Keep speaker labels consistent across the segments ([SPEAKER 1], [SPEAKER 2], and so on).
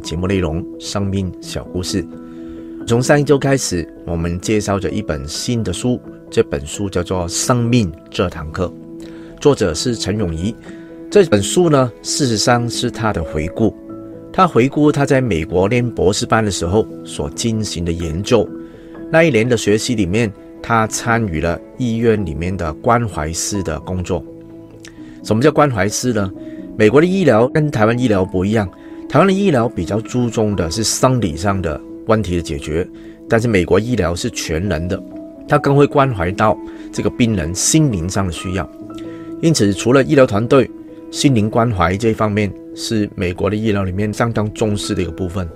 [SPEAKER 1] 節目內容：生命小故事。從上一周開始，我們介紹着一本新的書，這本書叫做《生命這堂課》，作者是陳永儀。這本書呢，事實上是他的回顧，他回顧他在美國念博士班的時候所進行的研究。那一年的學習裡面，他參與了醫院裡面的關懷師的工作。什麼叫關懷師呢？美國的醫療跟台灣醫療不一樣。台灣的醫療比較注重的是生理上的問題的解決，但是美國醫療是全人的，它更會關懷到這個病人心靈上的需要。因此，除了醫療團隊，心靈關懷這一方面是美國的醫療裡面相當重視的一個部分。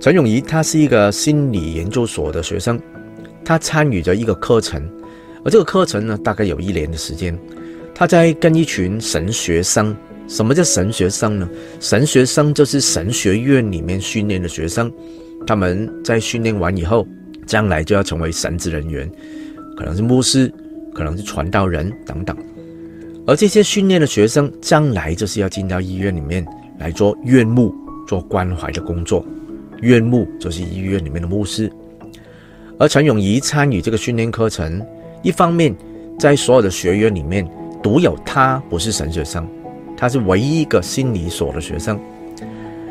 [SPEAKER 1] 陳永儀他是一個心理研究所的學生，他參與着一個課程，而這個課程呢，大概有一年的時間，他在跟一群神學生。什麼叫神學生呢？神學生就是神學院裡面訓練的學生，他們在訓練完以後，將來就要成為神職人員，可能是牧師，可能是傳道人等等。而這些訓練的學生，將來就是要進到醫院裡面來做院牧、做關懷的工作。院牧就是醫院裡面的牧師。而陳永儀參與這個訓練課程，一方面在所有的學員裡面，獨有他不是神學生。他是唯一一個心理所的學生，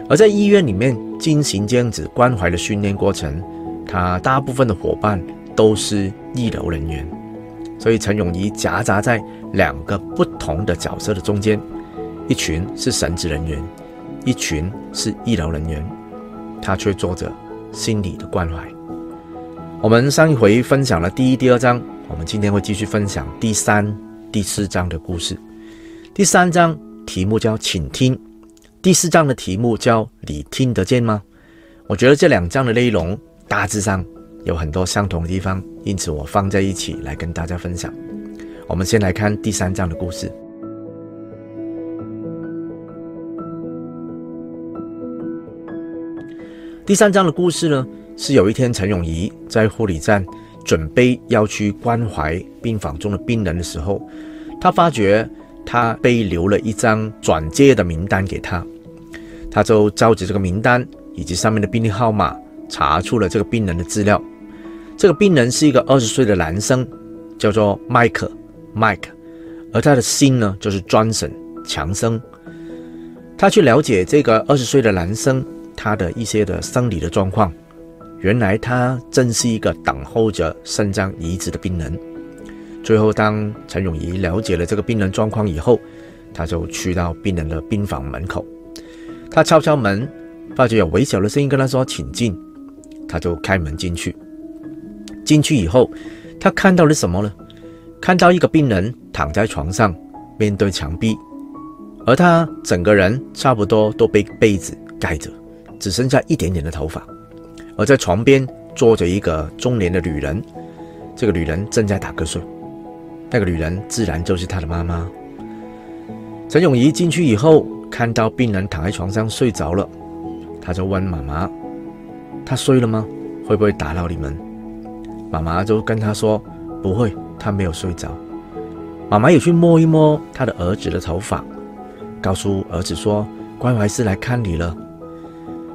[SPEAKER 1] 而在醫院裡面進行這樣子關懷的訓練過程，他大部分的伙伴都是醫療人員，所以陳永儀夾雜在兩個不同的角色的中間，一群是神職人員，一群是醫療人員，他卻做着心理的關懷。我們上一回分享了第一、第二章，我們今天會繼續分享第三、第四章的故事。第三章。題目叫“傾聽”，第四章的題目叫“你聽得見嗎？”我覺得這兩章的內容大致上有很多相同的地方，因此我放在一起來跟大家分享。我們先來看第三章的故事。第三章的故事呢，是有一天陳永儀在護理站準備要去關懷病房中的病人的時候，他發覺。他被留了一張轉介的名單給他，他就照着這個名單以及上面的病歷號碼查出了這個病人的資料。這個病人是一個二十歲的男生，叫做邁克邁克，而他的姓呢就是 Johnson，強生。他去了解這個二十歲的男生他的一些的生理的狀況，原來他正是一個等候着腎臟移植的病人。最後，當陳永儀了解了這個病人狀況以後，他就去到病人的病房門口，他敲敲門，發覺有微小的聲音跟他說：“請進。”他就開門進去。進去以後，他看到了什麼呢？看到一個病人躺在床上，面對牆壁，而他整個人差不多都被被子蓋着，只剩下一點點的頭髮。而在床邊坐着一個中年的女人，這個女人正在打瞌睡。那個女人自然就是他的媽媽。陳永儀進去以後，看到病人躺在床上睡着了，他就問媽媽：“他睡了嗎？會不會打擾你們？”媽媽就跟他說：“不會，他沒有睡着。”媽媽也去摸一摸他的兒子的頭髮，告訴兒子說：“關懷師來看你了。”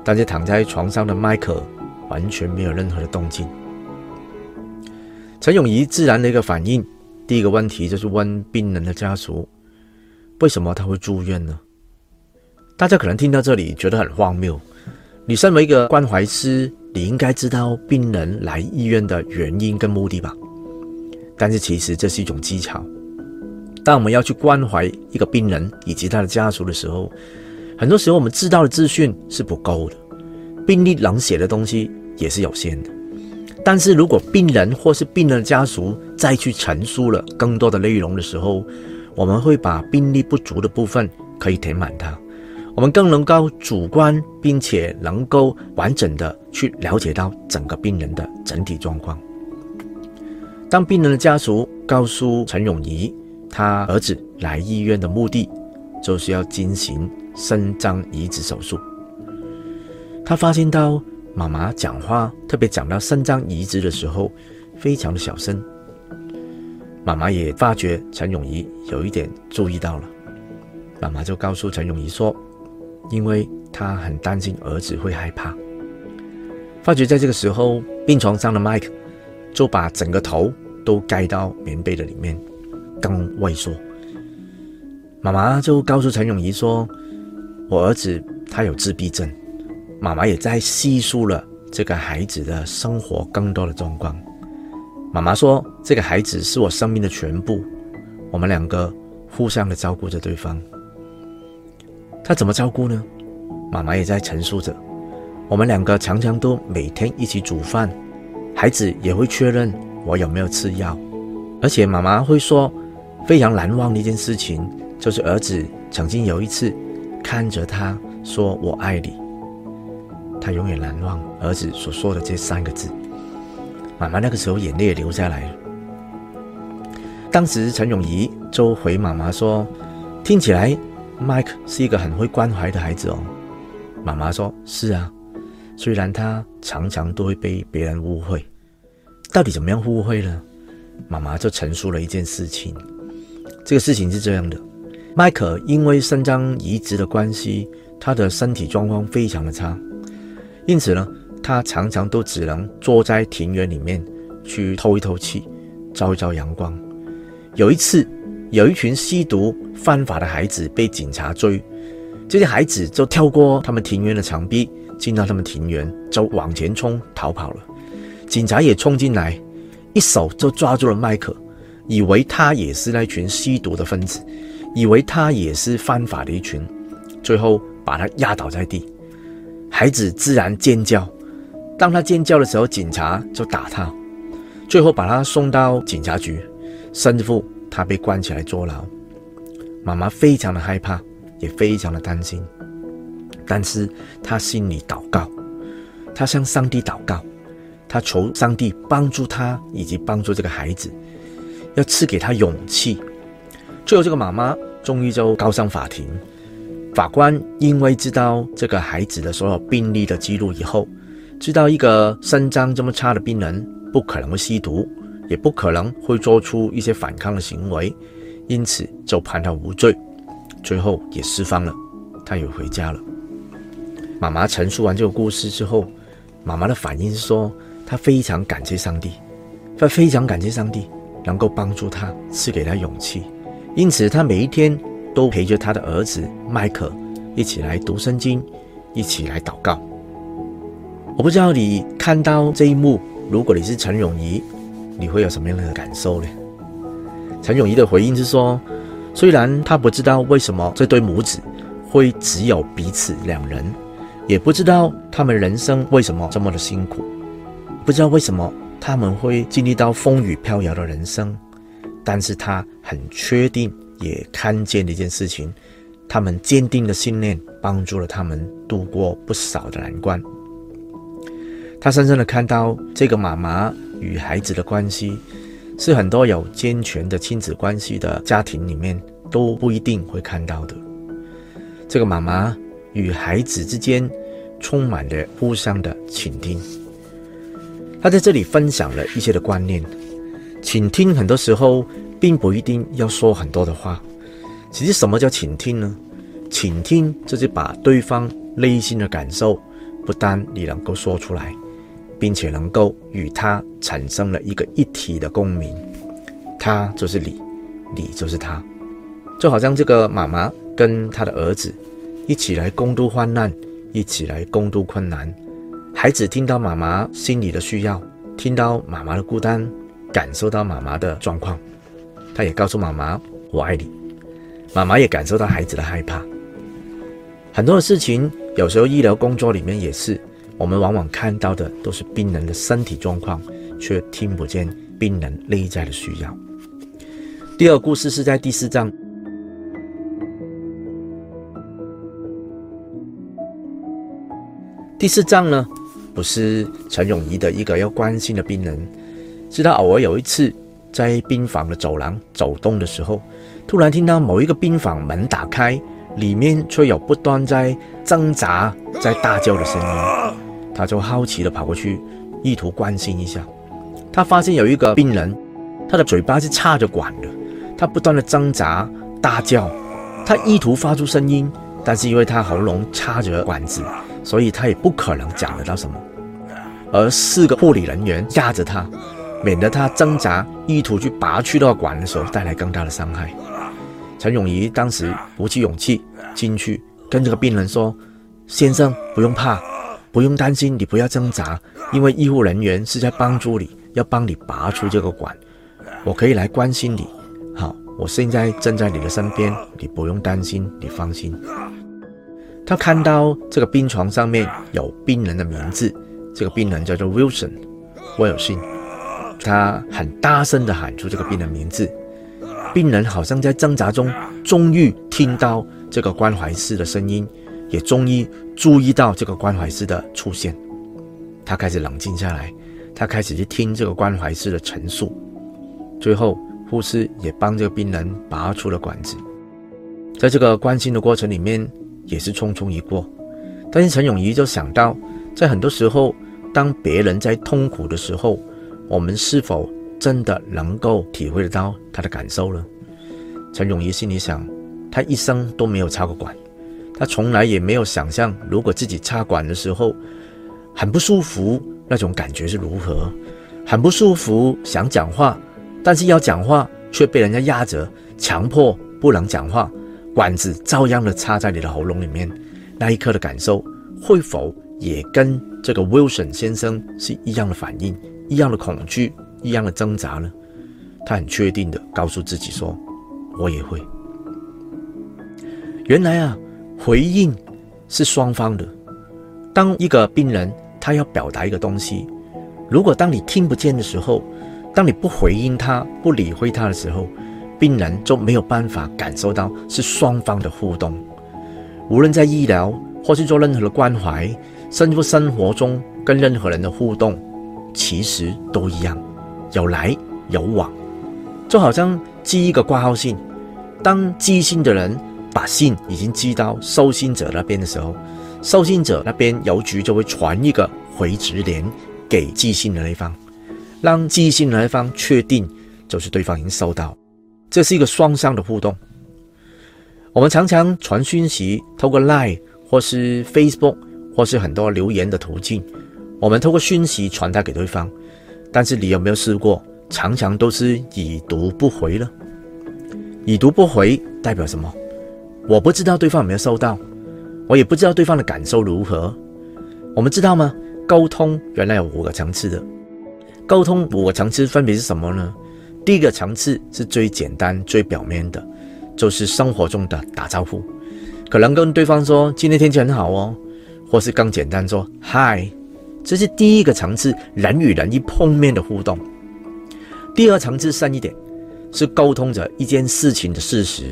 [SPEAKER 1] 但是躺在床上的麥克完全沒有任何的動靜。陳永儀自然的一個反應。第一個問題就是問病人的家屬，為什麼他會住院呢？大家可能聽到這裡覺得很荒謬。你身為一個關懷師，你應該知道病人來醫院的原因跟目的吧？但是其實這是一種技巧。當我們要去關懷一個病人以及他的家屬的時候，很多時候我們知道的資訊是不夠的，病歷能寫的東西也是有限的。但是如果病人或是病人的家屬再去陳述了更多的內容的時候，我們會把病歷不足的部分可以填滿它，我們更能夠主觀並且能夠完整的去了解到整個病人的整體狀況。當病人的家屬告訴陳永儀，他兒子來醫院的目的就是要進行腎臟移植手術，他發現到。媽媽講話，特別講到腎臟移植的時候，非常的小聲。媽媽也發覺陳永儀有一點注意到了，媽媽就告訴陳永儀說：“因為她很擔心兒子會害怕。”發覺在這個時候，病床上的麥克就把整個頭都蓋到棉被的裡面，更畏縮。媽媽就告訴陳永儀說：“我兒子他有自閉症。”媽媽也在細數了這個孩子的生活更多的狀況。媽媽說：“這個孩子是我生命的全部，我們兩個互相的照顧着對方。他怎麼照顧呢？”媽媽也在陳述着：“我們兩個常常都每天一起煮飯，孩子也會確認我有沒有吃藥，而且媽媽會說非常難忘的一件事情，就是兒子曾經有一次看着他說‘我愛你’。”他永遠難忘兒子所說的這三個字，媽媽那個時候眼淚也流下來了。當時陳永儀就回媽媽說：“聽起來，Mike 是一個很會關懷的孩子哦。”媽媽說：“是啊，雖然他常常都會被別人誤會，到底怎麼樣誤會呢？”媽媽就陳述了一件事情。這個事情是這樣的，Mike 因為腎臟移植的關係，他的身體狀況非常的差。因此呢，他常常都只能坐在庭院裡面去透一透氣，照一照陽光。有一次，有一群吸毒犯法的孩子被警察追，這些孩子就跳過他們庭院的牆壁，進到他們庭院，就往前衝逃跑了。警察也衝進來，一手就抓住了麥克，以為他也是那群吸毒的分子，以為他也是犯法的一群，最後把他壓倒在地。孩子自然尖叫，當他尖叫的時候，警察就打他，最後把他送到警察局。生父他被關起來坐牢，媽媽非常的害怕，也非常的擔心。但是他心裡禱告，他向上帝禱告，他求上帝幫助他，以及幫助這個孩子，要賜給他勇氣。最後，這個媽媽終於就告上法庭。法官因為知道這個孩子的所有病歷的記錄以後，知道一個腎臟這麼差的病人不可能會吸毒，也不可能會做出一些反抗的行為，因此就判他無罪，最後也釋放了，他也回家了。媽媽陳述完這個故事之後，媽媽的反應是說，她非常感謝上帝，她非常感謝上帝能夠幫助她，賜給她勇氣，因此她每一天，都陪着他的兒子邁克一起來讀聖經，一起來禱告。我不知道你看到這一幕，如果你是陳永儀，你會有什麼樣的感受呢？陳永儀的回應是說：雖然他不知道為什麼這對母子會只有彼此兩人，也不知道他們人生為什麼這麼的辛苦，不知道為什麼他們會經歷到風雨飄搖的人生。但是他很確定，也看見了一件事情，他們堅定的信念幫助了他們度過不少的難關。他深深地看到這個媽媽與孩子的關係，是很多有健全的親子關係的家庭裡面都不一定會看到的。這個媽媽與孩子之間充滿了互相的傾聽。他在這裡分享了一些的觀念。傾聽很多時候並不一定要說很多的話。其實什麼叫傾聽呢？傾聽就是把對方內心的感受，不但你能夠說出來，並且能夠與他產生了一個一體的共鳴。他就是你，你就是他。就好像這個媽媽跟她的兒子一起來共度患難，一起來共度困難。孩子聽到媽媽心裡的需要，聽到媽媽的孤單。感受到媽媽的狀況，他也告訴媽媽“我愛你”。媽媽也感受到孩子的害怕。很多的事情，有時候醫療工作裡面也是，我們往往看到的都是病人的身體狀況，卻聽不見病人內在的需要。第二故事是在第四章。第四章呢，不是陳永儀的一個要關心的病人。直到偶爾有一次，在病房的走廊走動的時候，突然聽到某一個病房門打開，裡面卻有不斷在掙扎、在大叫的聲音。他就好奇地跑過去，意圖關心一下。他發現有一個病人，他的嘴巴是插着管的，他不斷地掙扎、大叫，他意圖發出聲音，但是因為他喉嚨插着管子，所以他也不可能講得到什麼。而四個護理人員壓着他。免得他掙扎，意圖去拔去那個管的時候，帶來更大的傷害。陳永儀當時鼓起勇氣進去，跟這個病人說：“先生，不用怕，不用擔心，你不要掙扎，因為醫護人員是在幫助你，要幫你拔出這個管。我可以來關心你。好，我現在正在你的身邊，你不用擔心，你放心。”他看到這個病床上面有病人的名字，這個病人叫做 Wilson，威爾遜。他很大聲地喊出這個病人名字，病人好像在掙扎中，終於聽到這個關懷師的聲音，也終於注意到這個關懷師的出現。他開始冷靜下來，他開始去聽這個關懷師的陳述。最後，護士也幫這個病人拔出了管子。在這個關心的過程裡面，也是匆匆一過。但是陳永儀就想到，在很多時候，當別人在痛苦的時候，我們是否真的能夠體會得到他的感受呢？陳永儀心裡想，他一生都沒有插過管，他從來也沒有想象，如果自己插管的時候很不舒服，那種感覺是如何？很不舒服，想講話，但是要講話卻被人家壓着，強迫不能講話，管子照樣的插在你的喉嚨裡面，那一刻的感受，會否也跟這個 Wilson 先生是一樣的反應？一樣的恐懼，一樣的掙扎呢。他很確定的告訴自己說：“我也會。”原來啊，回應是雙方的。當一個病人他要表達一個東西，如果當你聽不見的時候，當你不回應他、不理會他的時候，病人就沒有辦法感受到是雙方的互動。無論在醫療，或是做任何的關懷，甚至生活中跟任何人的互動。其實都一樣，有來有往，就好像寄一個掛號信，當寄信的人把信已經寄到收信者那邊的時候，收信者那邊郵局就會傳一個回執聯給寄信的那方，讓寄信的那方確定就是對方已經收到，這是一個雙向的互動。我們常常傳訊息，透過 Line 或是 Facebook 或是很多留言的途徑。我們透過訊息傳達給對方，但是你有沒有試過？常常都是已讀不回了。已讀不回代表什麼？我不知道對方有沒有收到，我也不知道對方的感受如何。我們知道嗎？溝通原來有五個層次的。溝通五個層次分別是什麼呢？第一個層次是最簡單、最表面的，就是生活中的打招呼，可能跟對方說今天天氣很好哦，或是更簡單說嗨。Hi, 這是第一個層次，人與人一碰面的互動；第二層次深一點，是溝通着一件事情的事實；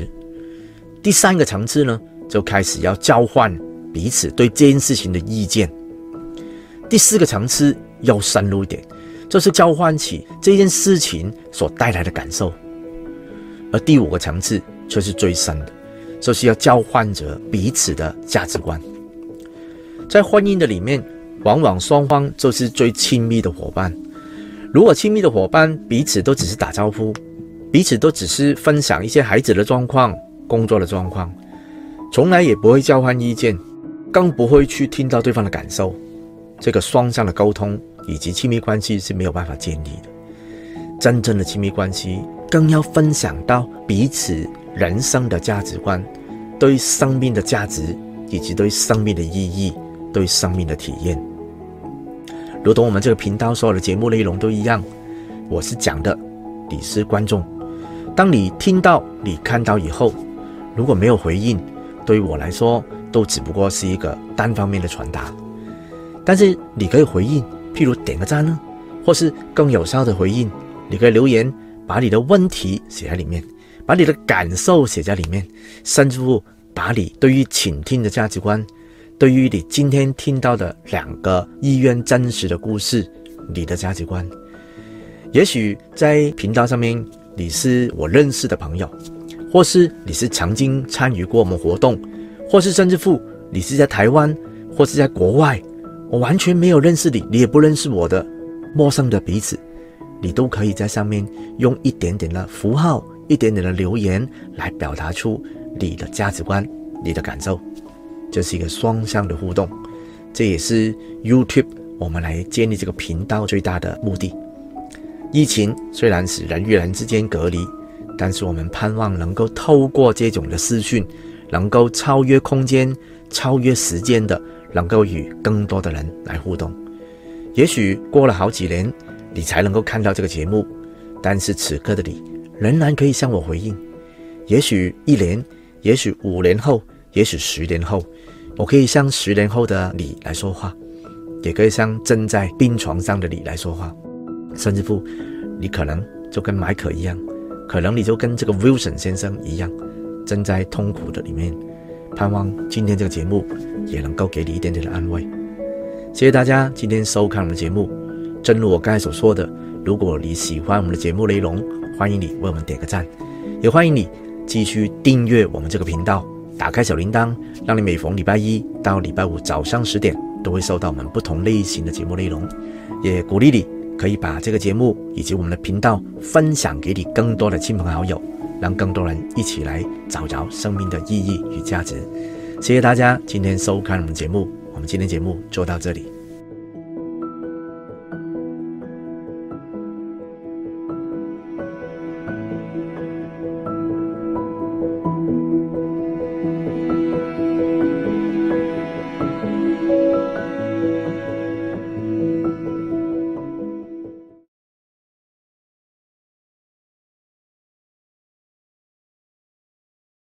[SPEAKER 1] 第三個層次呢，就開始要交換彼此對這件事情的意見；第四個層次要深入一點，就是交換起這件事情所帶來的感受；而第五個層次卻、就是最深的，就是要交換着彼此的價值觀。在婚姻的裡面。往往雙方就是最親密的夥伴。如果親密的夥伴彼此都只是打招呼，彼此都只是分享一些孩子的狀況、工作的狀況，從來也不會交換意見，更不會去聽到對方的感受，這個雙向的溝通以及親密關係是沒有辦法建立的。真正的親密關係，更要分享到彼此人生的價值觀、對生命的價值以及對生命的意義。對生命的體驗，如同我們這個頻道所有的節目內容都一樣，我是講的，你是觀眾。當你聽到、你看到以後，如果沒有回應，對於我來說，都只不過是一個單方面的傳達。但是你可以回應，譬如點個讚呢、啊，或是更有效的回應，你可以留言，把你的問題寫在裡面，把你的感受寫在裡面，甚至乎把你對於傾聽的價值觀。對於你今天聽到的兩個意願真實的故事，你的價值觀，也許在頻道上面，你是我認識的朋友，或是你是曾經參與過我們活動，或是甚至乎你是在台灣，或是在國外，我完全沒有認識你，你也不認識我的，陌生的彼此，你都可以在上面用一點點的符號，一點點的留言來表達出你的價值觀，你的感受。這是一個雙向的互動，這也是 YouTube 我們來建立這個頻道最大的目的。疫情雖然使人與人之間隔離，但是我們盼望能夠透過這種的視訊，能夠超越空間、超越時間的，能夠與更多的人來互動。也許過了好幾年，你才能夠看到這個節目，但是此刻的你仍然可以向我回應。也許一年，也許五年後，也許十年後。我可以像十年後的你來說話，也可以像正在病床上的你來說話，甚至乎，你可能就跟邁克一樣，可能你就跟這個 Wilson 先生一樣，正在痛苦的裡面，盼望今天這個節目也能夠給你一點點的安慰。謝謝大家今天收看我們的節目。正如我剛才所說的，如果你喜歡我們的節目內容，歡迎你為我們點個讚，也歡迎你繼續訂閱我們這個頻道。打開小鈴鐺，讓你每逢禮拜一到禮拜五早上十點都會收到我們不同類型的節目內容。也鼓勵你可以把這個節目以及我們的頻道分享給你更多的親朋好友，讓更多人一起來找着生命的意義與價值。謝謝大家今天收看我們節目，我們今天節目就到這裡。